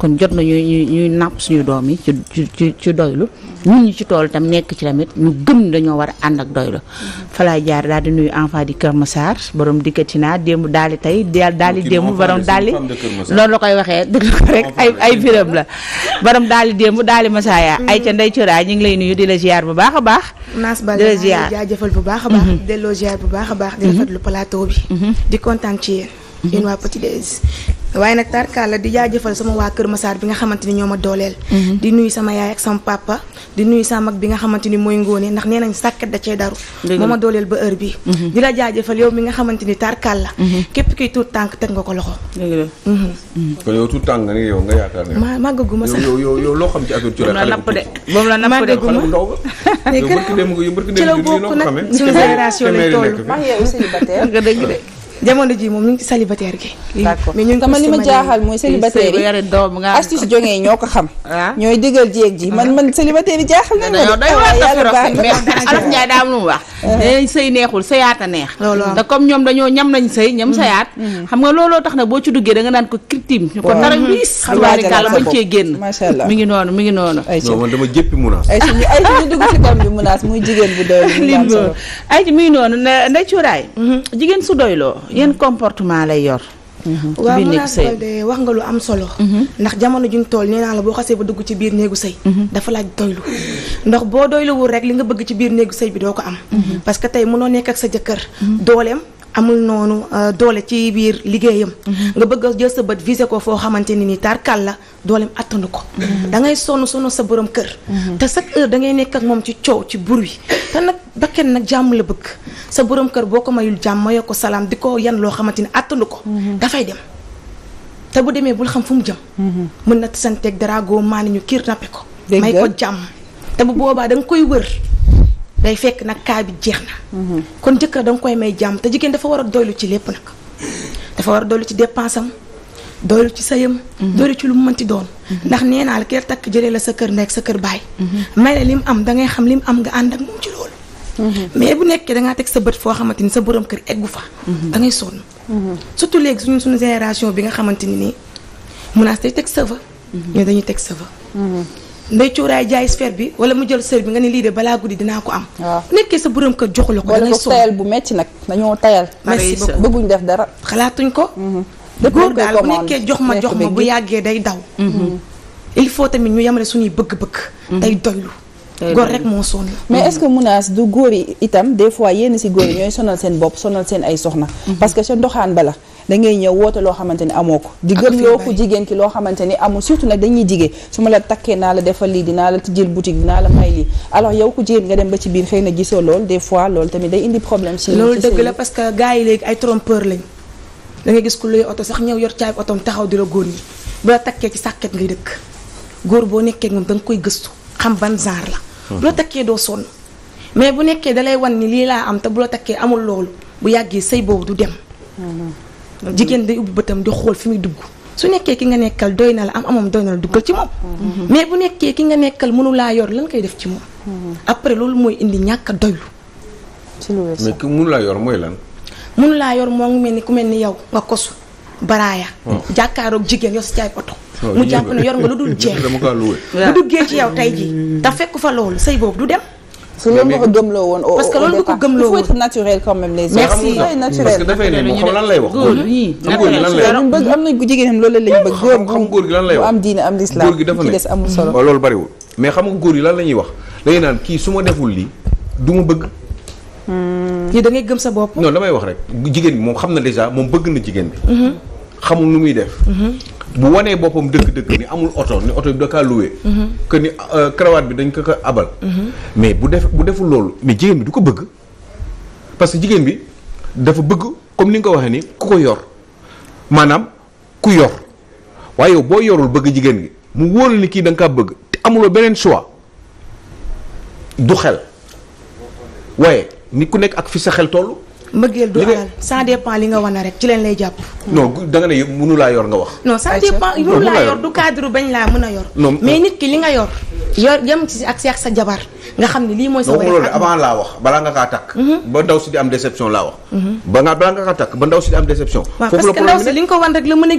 kon jot na ñuy ñuy ñuy napp suñu doom yi ci ci ci doylu ñun ñi ci tool itam nekk ci tamit ñu gëm dañoo war a ànd ak doylu falaay jaar daal di nuyu enfant di Kër Massar borom dikkati naa démb daali tey daali démb borom daali loolu da koy waxee dëgg ko rek ay ay biram la borom daali démb daali Masaya mm. ay ca ndey coraa ñu ngi lay nuyu di la ziar bu baax a baax naas ba jaajëfal bu baax a baax mm-hmm. delloo bu baax a baax di mm-hmm. rafetlu plateau bi mm-hmm. di kontaan ci yéen waa Petit waaye nag la di jaajëfal sama waa Kër Masaar bi nga xamante ni ñoo ma dooleel. Mhm. di nuyu sama yaay ak sama papa di nuyu sama mag bi nga xamante ni mooy ngóone ndax nee nañ sàkket da cee daru. moo ma dooleel ba heure bi mhm. di la jaajëfal yow mi nga xamante ni tarkaala. Mhm. képp kiy tuut tànk teg nga ko loxo. dëgg la. kon yow tuut tànk nga ni yow nga yaakaar ne. ma màggaguma sax yow yow yow loo xam ci affaire culé. la napp de moom la napp de xale bu ndaw ba. yow barki démb jamono ji moom ñu ngi ci célibataire gi. d'accord mais ñun sama li ñoo ko xam. Ah. ñooy digal jéeg ji man man célibataire jaaxal ma de. yàlla baax na mais Alaf Ndiaye daa am lu mu wax. dañuy eh. eh, sëy neexul sëyaat a neex. te comme ñoom dañoo ñam nañ sëy ñam mm. sëyaat. Mm. xam nga looloo tax na boo ci duggee da nga naan ko kirtim. ñu ko nar a wiis. tubaarikàlla bañ cee génn. macha allah mi ngi noonu mi ngi noonu. ayca non man dama jéppi munaas. ayca bu doylu. li mu ay ngi noonu na cuuraay mm-hmm. jigéen su doyloo yan comportement lay yor. Mhm. waaw menace Balde wax nga lu am solo. Mhm. ndax jamono juñ tool nee naa la boo xasee ba dugg ci biir néegu sëy. Mhm. dafa laaj doylu ndax boo doyluwul rek li nga bëgg ci biir néegu sëy bi doo ko am. parce que tey mënoo nekk ak sa jëkkër dooleem. amul noonu euh, doole ci biir liggéeyam. Mhm. nga bëgg a jël sa bët visé ko foo xamante ni nii tarkal la dooleem àttandu ko. Mhm. da ngay sonn sonn sa borom kër. Mhm. te chaque heure da ngay nekk ak moom ci coow ci bruit te nag bakken nag jàmm la bëgg sa boroom kër boo ko mayul jàmm mayoo ko salaam di ko yan loo xamante ni àttandu ko. dafay dem te bu demee bul xam fu mu jëm. mën na santeeg daraago maa ne ñu kiir kidnappé ko. may ko jàmm te bu boobaa da nga koy wër. day fekk nag kaa bi jeex na. Mhm. kon jëkkër da koy may jàmm te jigéen dafa war a doylu ci lépp nag. dafa war a doylu ci dépense am doylu ci sëyam. Mhm. doylu ci lu mu mënti doon. Mhm. ndax nee naa la kii takk jëlee la sa kër ndey sa kër baay. may la lim am da ngay xam lim am nga ànd ak ci loolu. mais bu nekkee da ngaa teg sa bët foo xamante ni sa borom kër eggu fa. da ngay sonn. surtout léegi suñu suñu génération bi nga xamante ni nii menace day teg sa fa. ñoo dañuy teg sa ndey cuuraay jaay sphère bi wala mu jël sër bi nga ne lii de balaa guddi dinaa ko am. waaw nekkee sa borom kër joxu ko. da ngay soog tayal bu metti nag dañoo tayal. merci def dara. xalaatuñ ko. Mhm. góor daal bu nekkee jox ma jox ma bu yàggee day daw. Mhm. il faut tamit ñu yemale suñuy bëgg-bëgg. Mhm. day doylu. góor rek moo sonn. mais est-ce que menace du góor yi itam des fois yéen si góor yi ñooy sonal seen bopp sonal seen ay soxna. parce que sa ndoxaan ba la da ngay ñëw woote loo xamante ni amoo ko di gën loo ku jigéen ki loo xamante ni amul surtout nag dañuy jigee su ma la takkee naa la defal lii dinaa la tijjil boutique dinaa la may lii alors yow ko jigéen nga dem ba ci biir xëy na gisoo lool des fois loolu tamit day indi problème si loolu dëgg que gars yi léegi ay trompeur lañ da ngay gis ku luy oto sax ñëw yor caabi otoom taxaw di la góor ñi bu la takkee ci sàkket ngay dëkk góor boo nekkee moom da nga koy gëstu xam ban genre la bu la takkee doo sonn mais bu nekkee dalay wan ni lii laa am bu la takkee amul loolu bu yàggee sëy boobu du dem mm-hmm. jigéen day ubbi bëtam di xool fi muy dugg su nekkee ki nga nekkal doy na la am amam doy na la duggal ci moom mm-hmm. mais bu nekkee ki nga nekkal munu laa yor lan koy def ci moom mm-hmm. après loolu mooy indi ñàkk a doylu mais ki yor mooy lan mënulaa yor moo ngi mel ni ku mel ni yow nga kosu baraaya oh. jàkkaaroog jigéen yor si caay oto oh, mu jàpp ne yor nga lu dul jeex bu duggee ci yow tey ji te fekk fa loolu sëy boobu du dem su loolu nga ko gëmloo woon au parce que loolu nga ko gëmloo woon il faut être naturel parce que dafay ne moom xam lan lay jigéen xam loolu lañ bëgg góor xam góor gi lan lay wax am diine am lislaam góor gi dafa oh, loolu bariwul mais xam nga góor yi lan wax dañuy naan kii su ma deful lii du ma bëgg hmm. kii da ngay gëm sa bopp non damay wax rek jigéen bi moom xam na déjà moom bëgg na jigéen bi mhm. xamul nu muy def mhm. bu wanee boppam dëkk dëgg ni amul oto ni oto bi da kaa loué. ni euh, cravate bi dañ ko ko abal. mais bu def bu deful loolu mais jigéen bi du ko bëgg parce que jigéen bi dafa bëgg comme ni nga ko waxee ni ku ko yor maanaam ku yor waaye yow boo yorul bëgg jigéen gi mu wóor ni kii da nga kaa bëgg te amuloo beneen choix du xel waaye ni ku nekk ak fi sa xel toll. mbëggeel du alal ça dépend li nga wan rek ci leen lay jàpp. non danga ne mënu laa yor nga wax. non ça dépend mënu laa yor du cadre bañ laa mën a yor. mais nit ki li nga yor. yor yem ci ak seex sa jabar nga wax balaa nga kaa takk. la problème parce que ndaw si li nga wan rek la mën a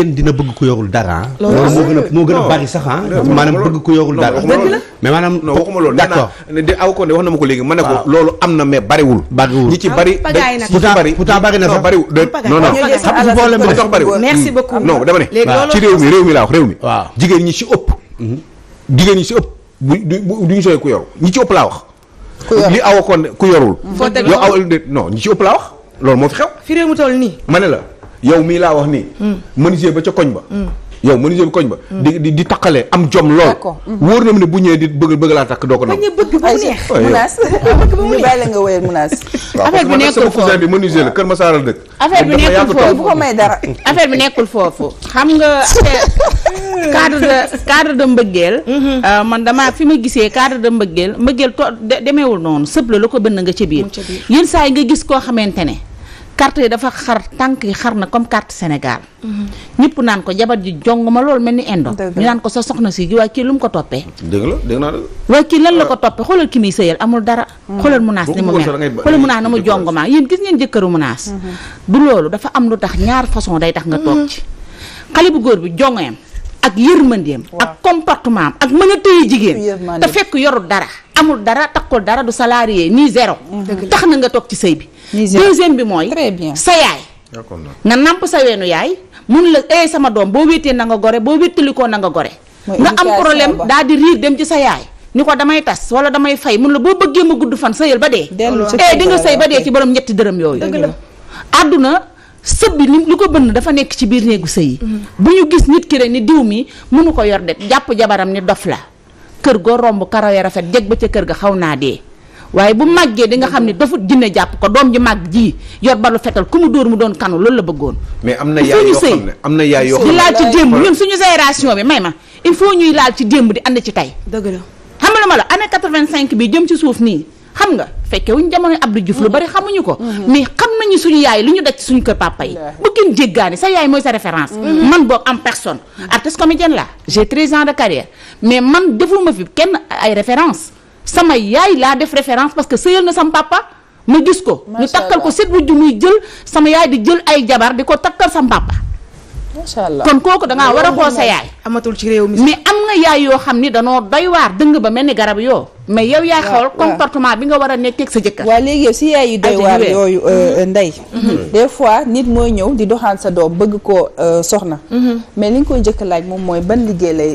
euh, bëgg ku yorul dara. loolu moo gën a moo gën a bari sax ah. maanaam bëgg ku yorul dara. mais maanaam. non waxuma loolu d'accord di aw ko ne loolu am na mais bariwul. bariwul ñi ci ah, bari. pagaay pourtant bari na sax bariwul. non non xam nga problème bi sax bariwul. merci hmm. beaucoup non dama ne. ci réew mi réew mi laa wax réew mi. jigéen ñi ci ëpp. Hmm. jigéen ñi ci ëpp ñu sooy ku yoru ñi ci ëpp laa wax. ku yorul li awa kon ku yorul. yow aw non ñi ci ëpp laa wax loolu moo fi xew. fi réew mu toll nii. ma la yow mii laa wax nii. Hmm. menuisier ba ca koñ ba. yow menuisier bi koñ ba. Mm. di di di takkale am jom lool. Mm. wóor na mu ne bu ñëwee di bëgg bëgg laa takk doo ko nangu. bëgg ba mu neex munaas bëgg ba mu neex ñu la bi nekkul la Kër ma la dëkk. affaire bi nekkul foofu bu ko may dara. affaire bi nekkul foofu xam nga affaire cadre de cadre de mbëggeel. Mm-hmm. Euh, man dama fi ma gisee cadre de mbëggeel mbëggeel to demeewul noonu sëb la la ko bënn nga ca biir yenn saa yi nga gis koo xamante ne carte yi dafa xar tànk yi xar na comme carte Sénégal. ñëpp naan ko jabar ji jong ma loolu mel ni indo ñu naan ko sa soxna si waaye kii lu mu ko toppee. dëgg la dëgg naa waaye kii lan la ko euh, toppee xoolal ki muy sëyal amul dara. Hmm. xoolal munaas ni mu mel xoolal munaas na mu jong ma yéen gis ngeen jëkkëru munaas. Hmm. du loolu dafa am lu tax ñaar façon day tax nga toog hmm. ci. xale bu góor bi jongeem ak yërmandeem ak comportement am ak mën nga téye jigéen te fekk yorul dara amul dara takkul dara du salarié ni zéro tax na nga toog ci sëy bi deuxième bi mooy sa yaay nga nàmp sa weenu yaay mun la ay eh, sama doom boo wéetee na nga gore boo wéttalikoo na nga gore nga am problème daal di riir dem ci sa yaay ni ko damay tas wala damay fay mun la boo bëggee ma gudd fan sëyal ba dee ee eh, di nga sëy ba dee ci borom ñetti dërëm yooyu àdduna sëb bi li lu ko bënn dafa nekk ci biir néegu sëy yi mm-hmm. bu ñu gis nit ki rek ni diw mi mënu ko yor de jàpp jabaram ni dof la kër goo romb karawee rafet jeg ba ca kër ga xaw naa dee waaye bu màggee di nga xam ne dafut jinne jàpp ko doom ji màgg ji yor balu fetal ku mu dóor mu doon kanu loolu la bëggoon mais am na yaay yoo am na yaay yoo xam ne di laal ci démb ñun suñu génération bi may ma il faut ñuy laal ci démb di ànd ci tey dëgg la xam nga la ma la année 85 bi jëm ci suuf nii xam nga fekke wuñ jamono Abdou Diouf lu bari mm-hmm. xamuñu ko mm-hmm. mais xam nañu suñu yaay lu ñu daj suñu kër papa yi bu kenn jéggaani sa yaay mooy sa référence mm-hmm. man boog am personne artiste comédienne la j'ai 13 ans de carrière mais man defuma fi kenn ay référence sama yaay laa def référence parce que sëyal na sam papa ma gis ko ñu takkal ko set wujju muy jël sama yaay di jël ay jabar di ko takkal sam papa macha allah kon kooku dangaa war a xool sa yaay amatul ci réew mi mais am nga yaay yoo xam ni danoo doy waar dëng ba mel ni garab yoo mais yow yaa xool comportement bi nga war a nekkeek ak sa jëkkër waaw léegi yow si yaay yu doy yooyu euh, mm-hmm. ndey mm-hmm. des fois nit mooy ñëw di doxaan sa doom bëgg koo euh, soxna mm-hmm. mais li nga koy njëkk laaj moom mooy ban liggéey lay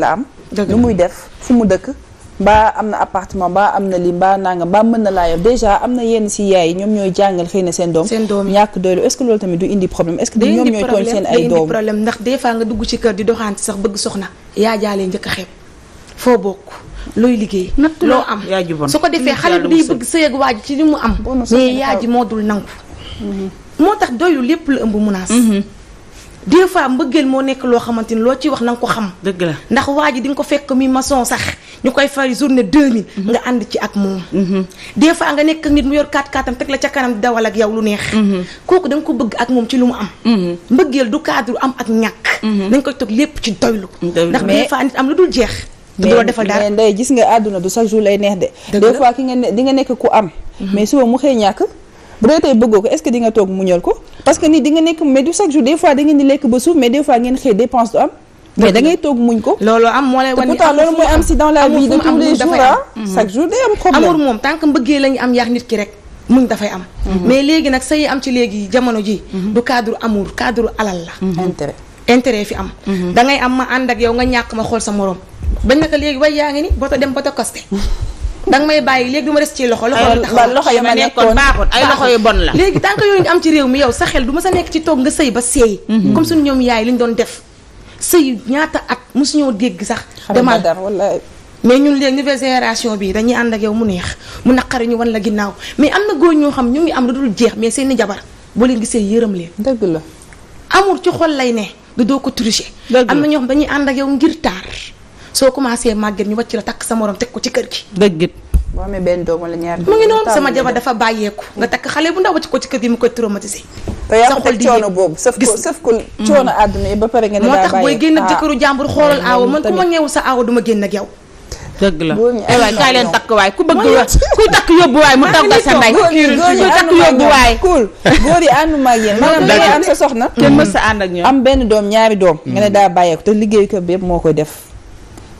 la am lu muy def fu mu dëkk mbaa am na appartement mbaa am na lii mbaa nanga mbaa mën na laa am na yenn si yaay yi ñoom ñooy jàngal xëy na seen doom seen doom ñàkk doylu est-ce que loolu tamit du indi problème est-ce que ñoom ñooy tooñ seen ay doom ndax des nga dugg ci kër di doxaan sax bëgg soxna yaa jaalee njëkk a foo bokk looy liggéey. natt loo am yaa ji bon su ko defee xale bi day bëgg sëyeeg waaj ci li mu am. mais yaa ji moo dul nangu. Mm-hmm. moo tax doylu lépp la ëmb menace. Mm-hmm. des fois mbëggeel moo nekk loo xamante ni loo ci wax na nga ko xam. dëgg la ndax waa ji di nga ko fekk mi maçon sax ñu koy fay journée 2000. Mm-hmm. nga ànd ci ak moom. des fois nga nekk nit mu yor 4-4 teg la ca kanam di dawal ak yow lu neex. kooku da ko bëgg ak moom ci lu mu am. mbëggeel du cadre am ak ñàkk. dañ koy toog lépp ci doylu. ndax des fois nit am lu dul jeex. du la defal daal mais gis nga àdduna du chaque jour lay neex de des ki nga ne di nga nekk ku am mhm. mais suba mu xëy ñàkk bu bëggoo ko est-ce que di nga toog ko parce que ni di nga nekk mais du chaque jour des fois da ngeen di lekk ba suuf mais des muñ ko loolu am moo lay wan si dans la vie de ah. mhm. am problème amour moom tant que mbëggee nit ki rek muñ dafay am mhm. mais léegi nag say am ci léegi jamono ji du cadre amour cadre alal la intérêt intérêt fi am da ngay am ma ànd ak yow nga ñàkk ma xool sa moroom bañ naka léegi way yaa ngi ni boto dem boto costé danga may bàyyi léegi du ma des ci loxo loxo yu ma nekkoon baaxul ay la léegi tant que yooyu nga am ci réew mi yow sa xel du ma sa nekk ci toog nga sëy ba seey mhm. comme suñu ñoom yaay li ñu doon def sëy ñaata at mosuñoo dégg sax demal mais ñun léegi ni génération bi dañuy ànd ak yow mu neex mu naqari ñu wan la ginnaaw mais am na góor ñoo xam ñu ngi am lu dul jeex mais seeni jabar boo leen gisee yërëm leen dëgg la amul ci xol lay ne du doo ko tricher am na ñoo xam dañuy ànd ak yow ngir taar soo commencé màgget ñu wàcc la takk sa moroom teg ko ci kër gi. dëgg boo amee benn doom wala ñaar mu ngi noonu sama jabar dafa bàyyeeku nga takk xale bu ndaw wàcc ko ci kër gi mu koy traumatisé te yaa ko teg coono boobu sëf ko sëf ko coono mm. àdduna yi ba pare nga ne moo tax booy génn ak ah, jëkkëru jàmbur xoolal aawa man ku ma ñeewu sa aawa duma génn ak yow dëgg la waay kaay leen takk waay ku bëgg takk yóbbu waay mu toggal sa ndey ku takk yóbbu waay cool góor yi ànduma ak am sa soxna kenn mës sa ànd ak ñoom am benn doom ñaari doom nga ne mm. daa bàyyeeku te liggéey ko bi yëpp moo ko def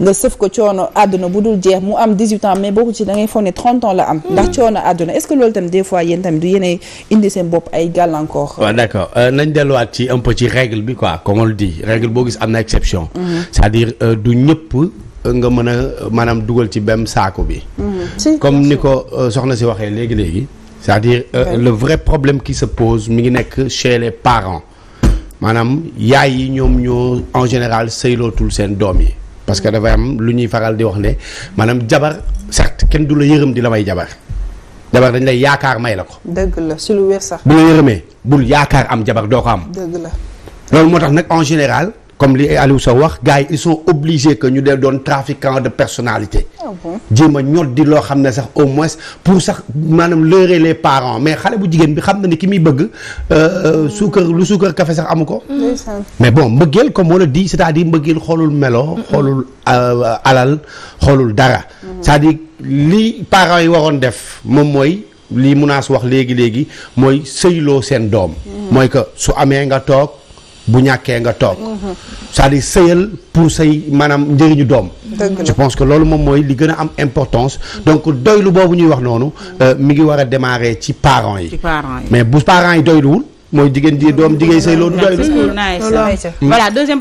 nga sëf ko coono àdduna bu dul jeex mu am 18 ans mais boo ko ci da ngay foog ne 30 ans la am. ndax hmm. coono àdduna est-ce que loolu tam des fois yéen tamit du yéenay indi seen bopp ay gàllankoor. waaw euh, nañ delluwaat ci un peu ci règle bi quoi comme on le dit règle boo gis am na exception. Hmm. c'est-à-dire euh, du ñëpp. Euh, nga mën a maanaam dugal ci bem saako bi. Hmm. comme ni ko soxna si waxee léegi léegi. cest à le vrai problème qui se pose mi ngi nekk chez les parents maanaam yaay yi ñoom ñoo en général sëylootul seen doom yi. parce que dafay am lu ñuy faral di wax ne maanaam jabar certes kenn du la yërëm di la may jabar jabar dañ lay yaakaar may la ko. dëgg la si lu wér sax. bu la yërëmee bul yaakaar am jabar doo ko am. dëgg la loolu moo tax nag en général. comme li Aliou sa wax gars yi ils sont obligés que ñu dee doon trafiquant de personalité ah jéem a ñot di loo xam ne sax au moins pour sax maanaam leurrer les parents mais xale bu jigéen bi xam na ni ki muy bëgg euh, euh, mm. suukar lu suukar kafe sax amu ko mais bon mbëggeel comme wala di cest di dire mbëggeel xoolul melo xoolul euh, alal xoolul dara mm. cest à li parent yi waroon def moom mooy lii su wax léegi-léegi mooy sëyloo seen doom mm. mooy que su amee nga toog bu ñàkkee nga toog c'est-à-dire sëyal pour say maanaam njëriñu doom je pense que loolu moom mooy li gën a am importance donc doylu boobu ñuy wax noonu euh, mi ngi war a démarrer ci parents yi mais bu parents yi doyluwul mooy jigéen ji doom jigéen say loolu doy voilà deuxième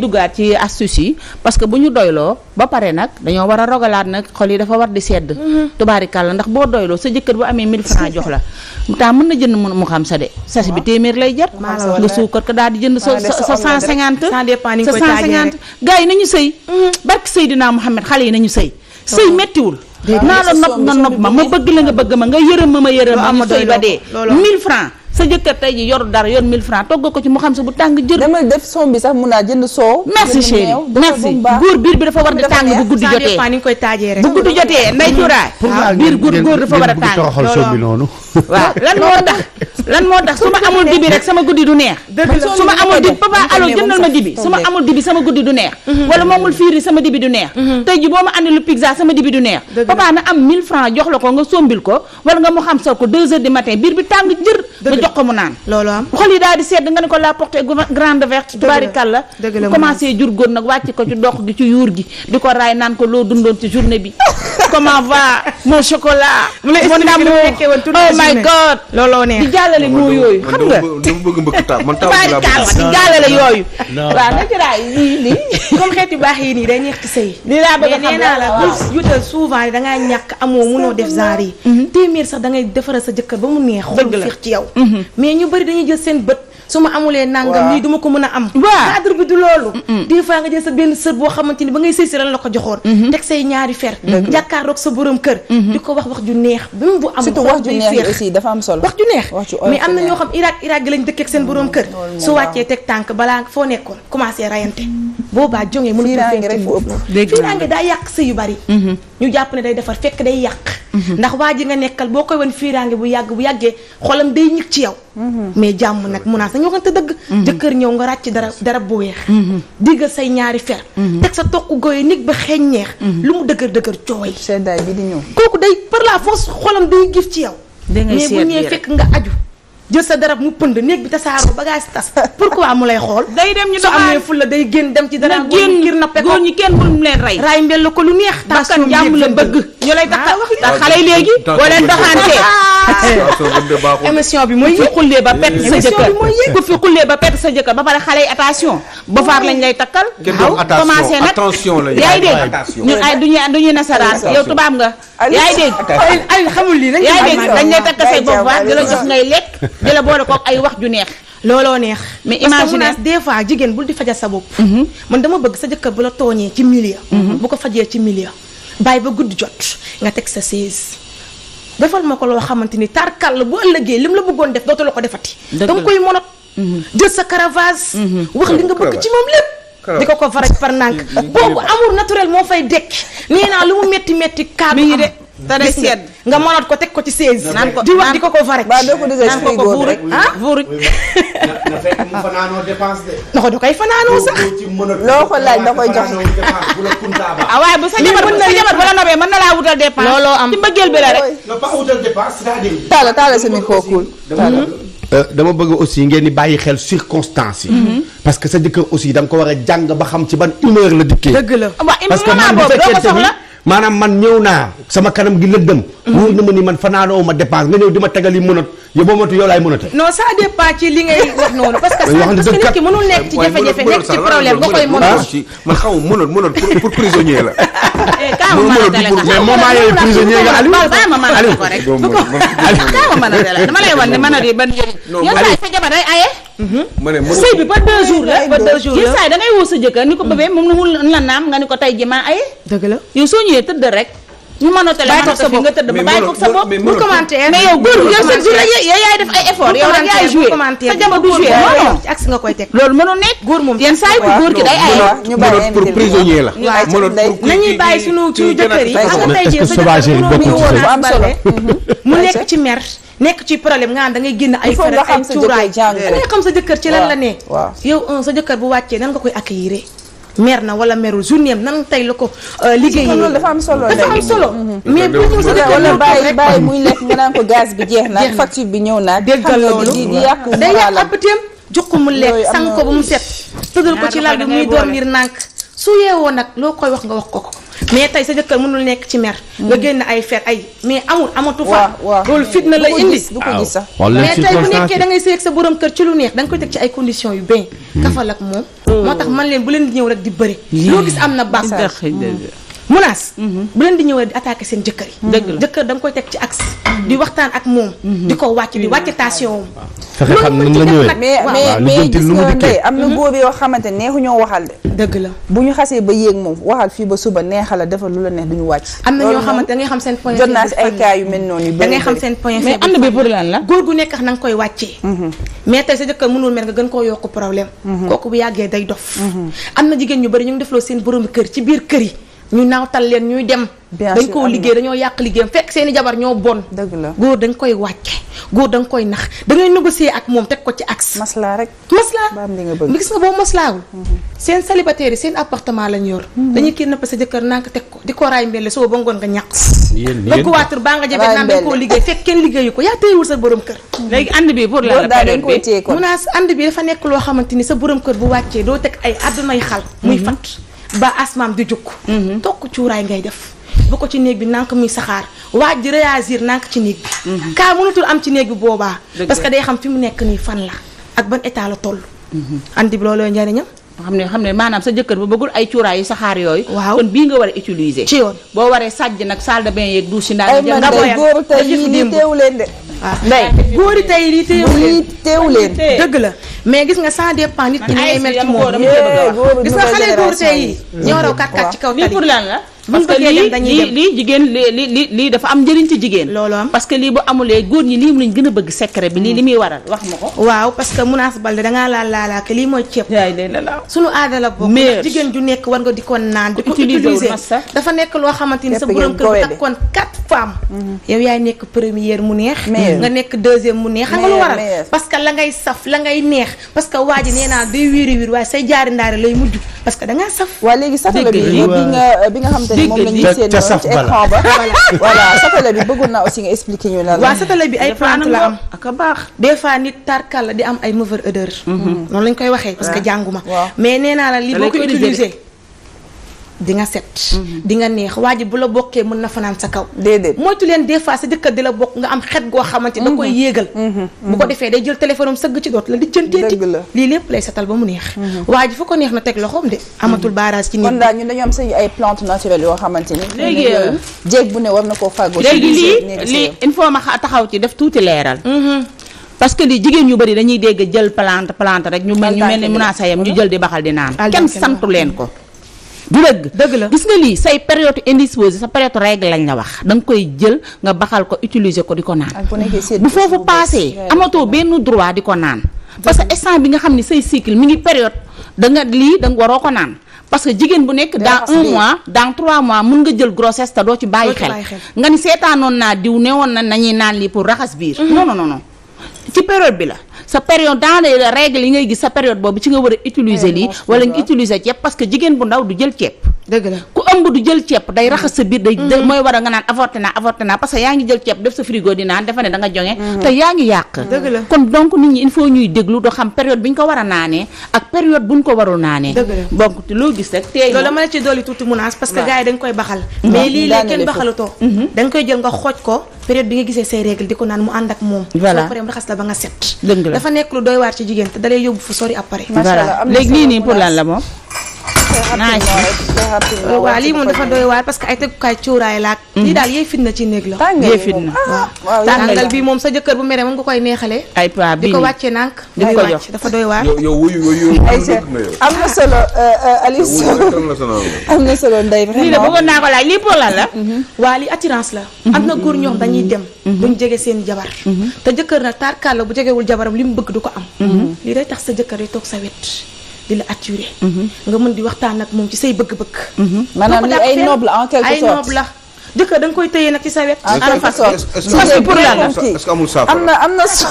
duggaat ci astuce yi parce que bu ñu doyloo ba pare nag dañoo war a rogalaat nag xol yi dafa war di sedd mm-hmm. tubaarikàlla ndax boo doyloo sa jëkkër bu amee 1000 francs jox la temps mën na jënd mu xam sa de sachet bi téeméer lay jar nga suukar ko daal di jënd sa sa 150 sa 150 gars yi nañu sëy mm-hmm. barki Seydina Mouhamed xale yi nañu sëy mm-hmm. sëy méttiwul naa la nopp nga nopp ma ma bëgg la nga bëgg sa jëkkër tey ji yor dara yor 1000 francs a su ma amul dibi rek sama guddi du neex su ma amul dibi papa allo jëndal ma dibi su amul dibi sama guddi du neex mm-hmm. wala moomul fiiri sama dibi du neex mm-hmm. tey ji boo ma andi lu pizza sama dibi du neex papa na am 1000 francs jox la ko nga sombil ko wala nga mu xam ko 2 heures du matin biir bi tàng jër jox ko mu naan loolu am xol yi daal di sedd nga ne ko la portée grande verte tubaarikal la commencé jur góor nag wàcc ko ci dox gi ci yuur gi di ko raay naan ko loo dundoon ci journée bi comment va mon chocolat. mu la oh my god. looloo neex di jàllale nuu yooyu xam nga. dama bëgg mbëkk taab man taabu laa bëgg di jàllale yooyu. waaw na ci daay lii lii. comme xeeti baax yi nii day ñeex ci sëy. lii laa bëgg a xam la bu yutal souvent da ngaa ñàkk amoo munoo def genre yi. Mhm. téeméer sax da defaral sa jëkkër ba mu neex. dëgg la ci yow. Mhm. mais ñu bëri dañuy jël seen bët su ma amulee nangam lii du ma ko mën a am cadre bi du loolu mm, mm. des fois nga jël sa benn sër boo xamante ni ba ngay sëy si lan la ko joxoon mm-hmm. teg say ñaari fer jàkkaarloog sa borom kër mm-hmm. di ko wax wax ju neex même bu am surtout dafa am solo wax ju neex mais am na ñoo xam Irak Irak gi lañ dëkk ak seen borom mm, kër su wàccee teg tànk balaa foo nekkoon commencé rayante boobaa jongee mënul fiiraange daa yàq sëy yu bari mm-hmm. ñu jàpp ne day defar fekk day yàq ndax waa ji nga nekkal boo koy wan fiiraange bu yàgg bu yàggee xolam day ñig ci yow mais jàmm nag munaas nañu waxante dëgg jëkkër ñëw nga ràcc dara dara bu weex diggal say ñaari fer teg sa toq goye nit ba xeeñ ñeex lu mu dëgër dëgër cooy seddaay bi di ñëw kooku day par la force xolam day gif ci yow mais bu ñee fekk nga aju jël sa darab mu pënd néeg bi tasaaroo bagage tas pourquoi mu lay xool. day dem ñu doxal su amee fulla day génn dem ci dara. na génn ngir nappe ko góor ñi kenn mënu leen rey. raay la ko lu neex. bakkan jàmm la bëgg. ñu lay tax ah, tax xale léegi boo leen doxantee ah. émission bi mooy ku fi xullee ba pett sa jëkkër ku fi ba pett sa jëkkër ba pare xale yi attention bofaar lañ lay takkal waaw commencé nag yaay dégg ñun ay duñu nasaraan yow tubaab nga yaay dégg ay xamul lii yaay dañ lay takk say bofaar di la jox ngay lekk di la boole kook ay wax ju neex looloo neex mais imagine des fois jigéen bul di fajal sa bopp mm-hmm. man dama bëgg sa jëkkër bu la tooñee ci milieu mm-hmm. bu ko fajee ci milieu baay ba guddi jot nga teg sa chaise defal ma ko loo xamante ni tarkal boo ëllëgee lim la bëggoon def dootu la ko defati. danga koy monot. Mhm. jël sa caravage. Mhm. wax li nga bëgg ci moom lépp. di ko ko faraj par nànk boobu amour naturel moo fay dekk nee naa lu mu metti metti kaat mi ngi de. te day sedd nga mënoot ko teg ko ci seize. naan ko di wax di ko ko faraj. waaw doo ko dugal si frigo rek ah buuruj. na fekk mu fanaanoo dépense da koy fanaanoo sax. loo ko laaj da koy jox. ah waaye bu sa jabar bu sa jabar mën na laa wutal dépense. looloo am ci mbëggeel bi la rek. nga pas wutal dépense cest à euh, dama bëgg aussi ngeen di bàyyi xel circonstances yi. Mhm. parce que sa jëkkër aussi da nga ko war a jàng ba xam ci ban humeur la dikkee. dëgg la parce que man bu fekkee maanaam man ñëw naa sama kanam gi lëndëm mm-hmm. wóor na ma ni man fanaanoo ma dépense nga ñëw di ma tegal yi mënat yow boo matu yow laay mënate non ça dépend ci li ngay wax noonu parce que nit ki mënul nekk ci jafe-jafe nekk ci problème nga koy mënat ah, man xaw mënat mënat pour prisonnier la eh, kaaw mën a dale mais moom maa yooyu prisonnier nga Aliou bàyyi ma mën a ko rek bu ko kaaw mën a dale dama lay wan ne mën a di ban yow sa jabar day aye Mm-hmm. ma ne sëy bi ba deux jours la ba deux jours la yenn saa yi da ngay woo sa jëkkër ni ko mm. bébé moom na wul la naam nga ni ko tey ji maa aye dëgg soo ñëwee tëdd rek ñu mënoo tele mënoo nekk góor moom yenn saa ko góor ki day ay ñu pour prisonnier la nañuy bàyyi suñu suñu jëkkër yi xam nga tey ji sa jëkkër mu nekk ci mer nekk ci problème nga naan da ngay génn ay fere ay cuuraay da ngay xam sa jëkkër ci lan la ne yow euh, sa jëkkër bu wàccee nan nga koy accueillir mer na wala merul journée nan tey la ko euh, liggéey loolu dafa am solo dafa am solo mhm. mais bu ñëw sa jëkkër wala bàyyi bàyyi muy lekk nga naan ko gaz bi jeex na facture bi ñëw naa déggal loolu di yàq day yàq jox ko mu lekk sang ko ba mu set tëgal ko ci lal bi muy dormir nànk su yewoo nag loo koy wax nga wax ko ko mais tey sa jëkkër mënul nekk ci mer. Mm. nga génn ay fer ay mais amul amatu fa. loolu fitna la indi. du sax mais tey bu nekkee da ngay sëy ak sa borom kër ci lu neex da nga koy teg ci ay condition yu benn. Mm. kafal ak moom. Mm. moo tax man leen bu leen di ñëw rek di bëri. loo gis am na baax menace mhm. bu leen di ñëwee di attaquer seen jëkkër yi mhm. jëkkër da nga koy teg ci axe mhm. di waxtaan ak moom di ko wàcc di wàcc tension fexe xam ni la ñëwee mais mais gis nga tey am ñoo waxal de dëgg la bu ñu xasee ba yéeg moom waxal fii ba suba neexal la defal lu la neex duñu wàcc am na ñoo xamante da ngay xam seen point jot ay mel noonu bëri da xam seen point mais am na bi pour lan la góor gu nekk na nga koy wàccee mais tey sa jëkkër mënul mer nga gën koo yokk problème kooku bu yàggee day dof am jigéen ñu bëri ñu ngi defloo seen borom kër ci biir kër yi ñu nawtal leen ñuy dem. dañ koo liggéey dañoo yàq liggéeyam fekk seeni jabar ñoo bon. dëgg la góor dañ koy wàcce góor dañ koy nax da ngay si ak moom teg ko ci axe. maslaa rek. maslaa ba am li nga bëgg gis nga boo maslaawul. Mhm. seen célibataire yi seen appartement lañ yor. Mhm. dañuy kii nëpp sa jëkkër naa ko teg ko di ko raay mbelle soo ba ngoon nga ñàq. yéen yéen ko baa nga jabe naan dañ koo liggéey fekk kenn liggéeyu ko yaa téyewul sa borom kër. Mhm. léegi ànd bi pour la dañ koy téye ko mun naa ànd bi dafa nekk loo xamante ni sa borom kër bu wàccee doo teg ay àddunay xal muy fat ba asmaam di jukk mhm. tokk cuuraay ngay def bu ko ci néeg bi nank muy saxaar waa ji réagir nank ci néeg bi mhm. kaa mënatul am ci néeg bi boobaa parce que day xam fi mu nekk nii fan la ak ban état la toll mhm. andi bi loolooy njariñam xam ne xam ne maanaam sa jëkkër ba bëggul ay cuuraay yu saxaar yooyu waaw kon bii nga war a utiliser ci yoon boo waree sàjj nag salle de bain yeeg douche yi nga boyal góor tey yii nii teewu leen de waaw góor yi tey lii téew leen dëgg la mais gis nga ça dépend nit ñi ngay mel ci moom gis nga xale góor yi ñoo raw kat mm. ci kaw tali pour lan la parce que lii lii lii jigéen li li lii dafa am njëriñ ci jigéen loolu am parce que lii bu amulee góor ñi lii mu lañ gën a bëgg secret bi lii li muy waral wax ma ko waaw parce que Munaas Balde dangaa laal laalaak lii mooy ceeb suñu aada la bokk ndax jigéen ju nekk war nga di ko naan di ko utiliser dafa nekk loo xamante ni sa borom kër bu takkoon quatre femmes mhm. yow yaay nekk première mu neex nga nekk deuxième mu neex xam nga lu waral parce que la ngay saf la ngay neex parce que waa ji nee naa day wiiri wiir waaye say jaari ndaari lay mujj parce que dangaa saf waaw léegi saf bi nga bi nga xam dégg ca bi ay plante la am ak baax des nit tarkal la di am ay mauvaise odeur mhm. noonu lañ koy waxee parce que jànguma mais nee la li boo ko utiliser di nga set. Mhm. di nga neex waa ji bu la bokkee mën na fanaan sa kaw. déedéet moytu leen des fois sa jëkkër di la bokk nga am xet goo xamante da koy mhm. yéegal. Mhm. bu ko defee day jël téléphone sëgg ci doot la di jënteeti. lii lépp lay setal ba mu neex. waa ji fu ko neex na teg loxoom de. amatul barrage ci nit kon daal am sañu ay yoo xamante ni. léegi euh, jéeg bu ne war na koo fàggoo. léegi lii lii il faut taxaw ci def tuuti leeral. parce que li jigéen ñu bari dañuy dégg jël plante plante rek ñu mel ñu mel ni mun a sayam ñu jël di baxal di naan kenn santu leen ko du dëgg dëgg la gis nga lii say période indisposé sa période règle lañ la wax da nga koy jël nga baxal ko utiliser ko di ko naan bu foofu passé amatoo benn droit di ko naan parce que instant bi nga xam ne say cycle mi ngi période da nga lii da nga waroo ko naan parce que jigéen bu nekk dans un mois dans trois mois mun nga jël grossesse te doo ci bàyyi xel nga ni seetaanoon naa diw ne woon na nañuy naan lii pour raxas biir mm-hmm. non non non ci période bi la sa période dans les règles yi ngay gis sa période boobu ci nga war a utiliser lii wala nga utiliser ceeb parce que jigéen bu ndaw du jël ceeb dëgg la ku ëmb du jël ceeb day mm-hmm. raxas sa biir day mm-hmm. mooy war a nga naan avorté naa avorté naa parce yaa ngi jël ceeb def sa frigo di naan defe ne da nga joŋe mm-hmm. te yaa ngi yàq kon donc nit ñi il ñuy déglu doo xam période bi ñu ko war a naanee ak période buñ ko warul naanee donc loo gis rek teey loolu dama la ci dolli tuuti menace koy baxal mais lii xooj ko période bi nga gisee say règle di ko naan mu ànd ak moom. voilà soo paree raxas la ba nga set. dëgg la dafa nekk lu doy waar ci jigéen te dalay yóbbu fu sori après. léegi nii pour lan la moom. waa lii moom dafa doy waar parce que ay tegukaay cuuraay laag mhm. lii daal yee fitna ci néeg la yee fitna ah, ah, tàngal bi moom sa jëkkër bu mere moom nga koy neexalee ay paa bi di wàccee nànk di ko jox dafa doy waar yow wuyu wuyu am na solo euh, euh, Alice am na solo Ndeye lii de bëggoon naa ko laaj lii pour la mhm. waa lii attirance la am na góor ñoom dañuy dem buñ mhm. jege seen jabar te jëkkër nag tarkaal la bu jegewul jabaram li mu bëgg du ko am lii day tax sa jëkkër yi toog sa wet di la mhm. nga mën di waxtaan ak moom ci say bëgg-bëgg. Mhm. maanaam ni ay noble la. jëkkër da koy tëye nag ci sa wet. en quelque sorte fas bi pour lan la am na am so.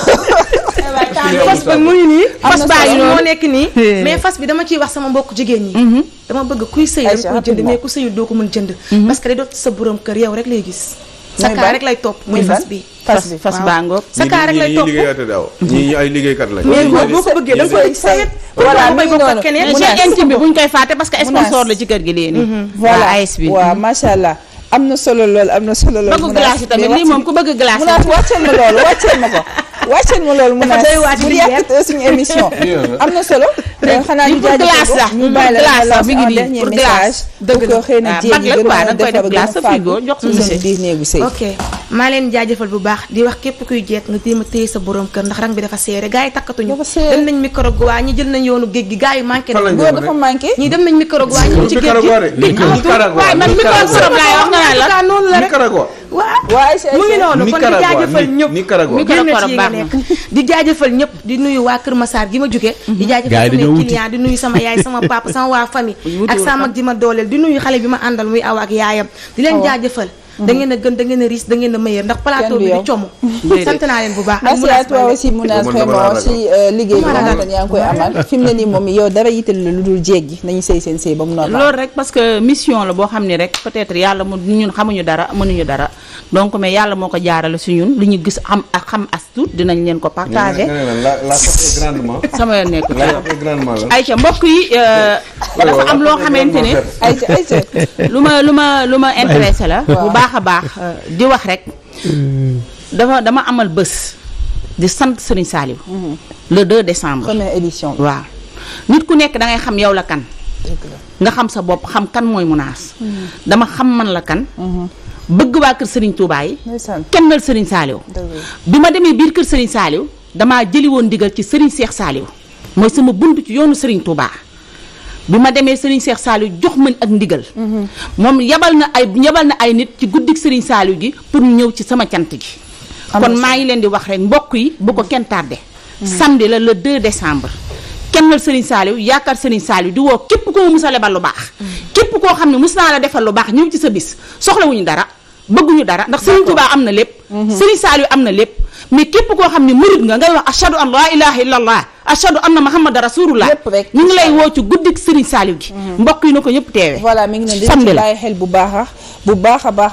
Eh fas ba mu ngi nii. fas baa yi moo nekk nii. mais fas bi dama ciy wax sama mbokk jigéen ñi. Mhm. dama bëgg kuy sëy da nga koy jënd mais ku sëyul doo ko mën jënd. parce que day doon sa borom kër yow rek lay gis. sa kaa rek lay topp muy fas bi fas bi fas sa kaa rek lay topp ñi ay liggéeykat lañ mais boo ko bëggee da koy sayet voilà mi ngi parce que sponsor la ci gi léegi mhm. voilà AS na solo lool am na solo lool bëgg glace tamit lii moom ku bëgg glace munaat wàcceel ma loolu wàcceel ma ko wàcceel ma loolu. dafa doy waat bu yàq suñu émission. am na solo. xanaa ñu jaajëfal ko ñu bàyyi la la mi ngi nii pour glace. dëgg la waaw ah, mag la quoi da nga koy maa leen jaajëfal bu baax di wax képp kuy jeet nga jéem a téye sa borom kër ndax rang bi dafa seere gaay yi takkatuñu dem nañ Nicaragua ñi jël nañ yoonu géej gi gars yi manqué na góor dafa manqué ñi dem nañ Nicaragua ñi ci géej gi waaye man micro borom laay wax nga la noonu la rek waaw mu ngi noonu kon di jaajëfal ñëpp di jaajëfal ñëpp di nuyu waa Kër Massar gi ma jóge mhm. di jaajëfal sama client di nuyu sama yaay sama papa sama waa famille ak sama mag ji ma dooleel di nuyu xale bi ma àndal muy aw ak yaayam di leen jaajëfal Mm-hmm. da ngeen a gën da ngeen a riche da ngeen a meilleur ndax plateau bi du comme sant naa leen bu baax merci à toi aussi Mounass vraiment si euh, liggéey bi nañu sëy seen sëy ba mu noonu loolu rek parce que mission la boo xam ne rek peut-être yàlla mu ñun xamuñu dara mënuñu dara donc mais yàlla moo ko jaarale su ñun lu ñu gis am ak xam as tuut leen ko partagé sama yoon nekk ayca mbokk yi euh, dafa am loo xamante ne ayca ayca lu ma lu ma lu ma intéressé la bu baax a baax euh, di wax rek. dafa dama amal bés. di sant Serigne Saliou. Mhm. le 2 décembre. première waaw. nit ku nekk da xam yow la kan. nga xam sa bopp xam kan mooy Mounass. Mhm. dama xam man la kan. Mhm. bëgg waa kër Serigne Touba yi. kennal Serigne Saliou. bi ma demee biir kër Serigne Saliou damaa jëli woon ndigal ci Serigne Cheikh Saliou. mooy sama bunt ci yoonu Serigne Touba. bi ma demee Serigne Cheikh Saliou jox man ak ndigal. moom yabal na ay yabal na ay nit ci guddi Serigne Saliou ji pour ñu ñëw ci sama cant gi. kon maa ngi leen di wax rek mbokk yi bu ko kenn tardé. samedi la la le 2 décembre. kennal Serigne Saliou yaakaar Serigne Saliou di woo képp koo mus a lebal lu baax. képp koo xam ne mus naa la defal lu baax ñëw ci sa bis soxlawuñu dara bëgguñu dara ndax Serigne Touba am na lépp. Mhm. Serigne Saliou am na lépp. mais képp koo xam ne murid nga ngay wax ashadu an laa ilaha illa allah ashadu anna muhammada rasulullah ñu ngi lay woo ci guddik Serigne Saliou gi mhm. mbokk yi na ko ñëpp teewee voilà mi ngi leen xel bu baax bu baax a